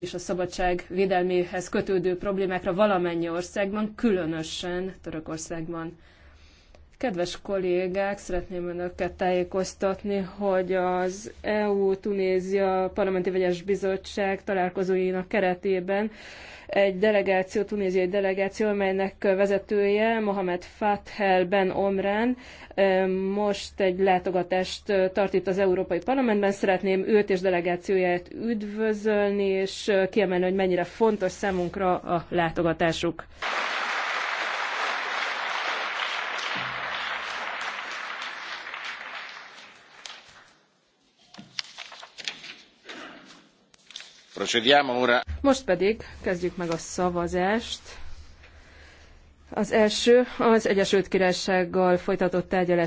és a szabadság védelméhez kötődő problémákra valamennyi országban, különösen Törökországban. Kedves kollégák, szeretném önöket tájékoztatni, hogy az EU-Tunézia Parlamenti Vegyes Bizottság találkozóinak keretében egy delegáció, tunéziai delegáció, amelynek vezetője Mohamed Fathel Ben Omran most egy látogatást tart itt az Európai Parlamentben. Szeretném őt és delegációját üdvözölni, és kiemelni, hogy mennyire fontos számunkra a látogatásuk. Most pedig kezdjük meg a szavazást. Az első az Egyesült Királysággal folytatott tárgyalás